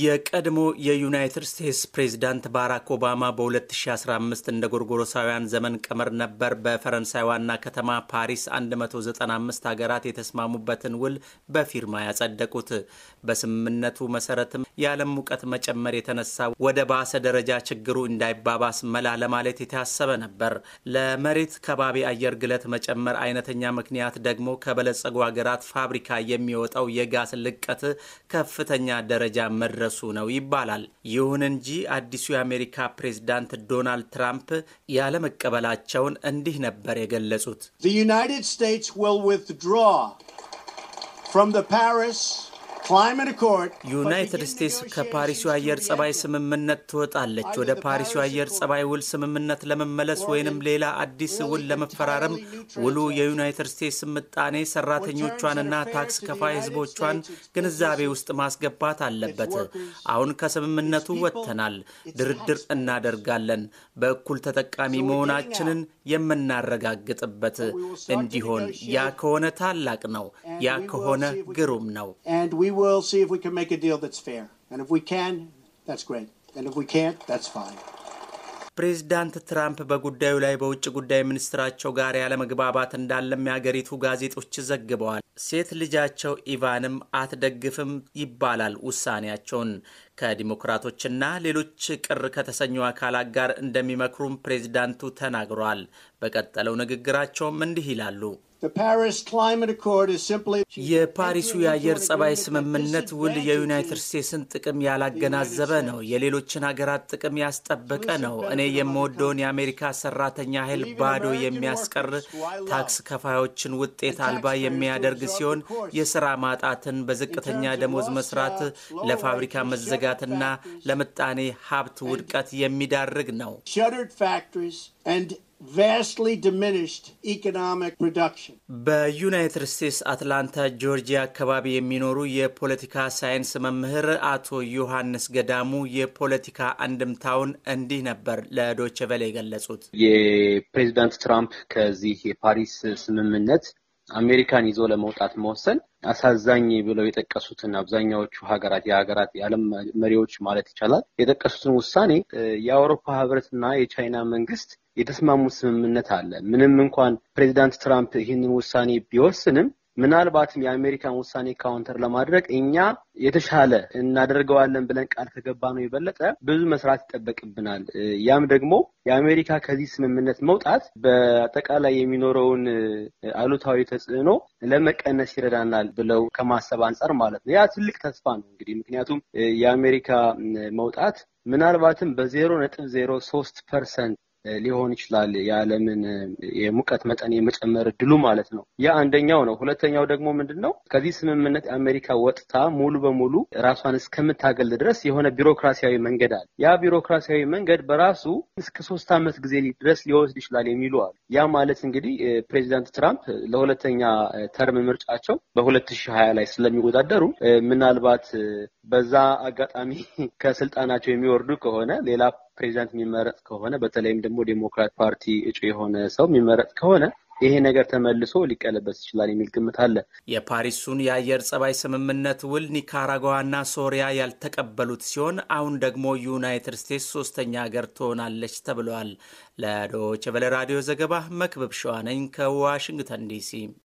የቀድሞ የዩናይትድ ስቴትስ ፕሬዚዳንት ባራክ ኦባማ በ2015 እንደ ጎርጎሮሳውያን ዘመን ቀመር ነበር በፈረንሳይ ዋና ከተማ ፓሪስ 195 ሀገራት የተስማሙበትን ውል በፊርማ ያጸደቁት። በስምምነቱ መሰረትም የዓለም ሙቀት መጨመር የተነሳ ወደ ባሰ ደረጃ ችግሩ እንዳይባባስ መላ ለማለት የታሰበ ነበር። ለመሬት ከባቢ አየር ግለት መጨመር አይነተኛ ምክንያት ደግሞ ከበለጸጉ ሀገራት ፋብሪካ የሚወጣው የጋዝ ልቀት ከፍተኛ ደረጃ መድ መድረሱ ነው ይባላል። ይሁን እንጂ አዲሱ የአሜሪካ ፕሬዝዳንት ዶናልድ ትራምፕ ያለመቀበላቸውን እንዲህ ነበር የገለጹት። The United States will ዩናይትድ ስቴትስ ከፓሪሱ አየር ጸባይ ስምምነት ትወጣለች። ወደ ፓሪሱ አየር ጸባይ ውል ስምምነት ለመመለስ ወይንም ሌላ አዲስ ውል ለመፈራረም ውሉ የዩናይትድ ስቴትስ ምጣኔ ሰራተኞቿንና ታክስ ከፋይ ሕዝቦቿን ግንዛቤ ውስጥ ማስገባት አለበት። አሁን ከስምምነቱ ወጥተናል። ድርድር እናደርጋለን። በእኩል ተጠቃሚ መሆናችንን የምናረጋግጥበት እንዲሆን ያ ከሆነ ታላቅ ነው። ያ ከሆነ ግሩም ነው። will see if we can make a deal that's fair. And if we can, that's great. And if we can't, that's fine. ፕሬዚዳንት ትራምፕ በጉዳዩ ላይ በውጭ ጉዳይ ሚኒስትራቸው ጋር ያለመግባባት እንዳለም የአገሪቱ ጋዜጦች ዘግበዋል። ሴት ልጃቸው ኢቫንም አትደግፍም ይባላል ውሳኔያቸውን። ከዲሞክራቶችና ሌሎች ቅር ከተሰኙ አካላት ጋር እንደሚመክሩም ፕሬዚዳንቱ ተናግሯል። በቀጠለው ንግግራቸውም እንዲህ ይላሉ። የፓሪሱ የአየር ጸባይ ስምምነት ውል የዩናይትድ ስቴትስን ጥቅም ያላገናዘበ ነው፣ የሌሎችን ሀገራት ጥቅም ያስጠበቀ ነው። እኔ የምወደውን የአሜሪካ ሰራተኛ ኃይል ባዶ የሚያስቀር ታክስ ከፋዮችን ውጤት አልባ የሚያደርግ ሲሆን የስራ ማጣትን፣ በዝቅተኛ ደሞዝ መስራት፣ uh, ለፋብሪካ መዘጋትና ለምጣኔ ሀብት ውድቀት የሚዳርግ ነው። በዩናይትድ ስቴትስ አትላንታ ጆርጂያ አካባቢ የሚኖሩ የፖለቲካ ሳይንስ መምህር አቶ ዮሐንስ ገዳሙ የፖለቲካ አንድምታውን እንዲህ ነበር ለዶይቼ ቬለ የገለጹት። የፕሬዚዳንት ትራምፕ ከዚህ የፓሪስ ስምምነት አሜሪካን ይዞ ለመውጣት መወሰን አሳዛኝ ብለው የጠቀሱትን አብዛኛዎቹ ሀገራት የሀገራት የዓለም መሪዎች ማለት ይቻላል የጠቀሱትን ውሳኔ የአውሮፓ ህብረትና የቻይና መንግስት የተስማሙት ስምምነት አለ። ምንም እንኳን ፕሬዚዳንት ትራምፕ ይህንን ውሳኔ ቢወስንም ምናልባትም የአሜሪካን ውሳኔ ካውንተር ለማድረግ እኛ የተሻለ እናደርገዋለን ብለን ቃል ከገባ ነው የበለጠ ብዙ መስራት ይጠበቅብናል። ያም ደግሞ የአሜሪካ ከዚህ ስምምነት መውጣት በአጠቃላይ የሚኖረውን አሉታዊ ተጽዕኖ ለመቀነስ ይረዳናል ብለው ከማሰብ አንጻር ማለት ነው። ያ ትልቅ ተስፋ ነው እንግዲህ ምክንያቱም የአሜሪካ መውጣት ምናልባትም በዜሮ ነጥብ ዜሮ ሶስት ፐርሰንት ሊሆን ይችላል የዓለምን የሙቀት መጠን የመጨመር እድሉ ማለት ነው። ያ አንደኛው ነው። ሁለተኛው ደግሞ ምንድን ነው? ከዚህ ስምምነት የአሜሪካ ወጥታ ሙሉ በሙሉ ራሷን እስከምታገል ድረስ የሆነ ቢሮክራሲያዊ መንገድ አለ። ያ ቢሮክራሲያዊ መንገድ በራሱ እስከ ሶስት ዓመት ጊዜ ድረስ ሊወስድ ይችላል የሚሉ አሉ። ያ ማለት እንግዲህ ፕሬዚዳንት ትራምፕ ለሁለተኛ ተርም ምርጫቸው በሁለት ሺህ ሀያ ላይ ስለሚወዳደሩ ምናልባት በዛ አጋጣሚ ከስልጣናቸው የሚወርዱ ከሆነ ሌላ ፕሬዚዳንት የሚመረጥ ከሆነ በተለይም ደግሞ ዴሞክራት ፓርቲ እጩ የሆነ ሰው የሚመረጥ ከሆነ ይሄ ነገር ተመልሶ ሊቀለበስ ይችላል የሚል ግምት አለ። የፓሪሱን የአየር ጸባይ ስምምነት ውል ኒካራጓዋና ሶሪያ ያልተቀበሉት ሲሆን አሁን ደግሞ ዩናይትድ ስቴትስ ሶስተኛ ሀገር ትሆናለች ተብለዋል። ለዶይቼ ቬለ ራዲዮ ዘገባ መክብብ ሸዋነኝ ከዋሽንግተን ዲሲ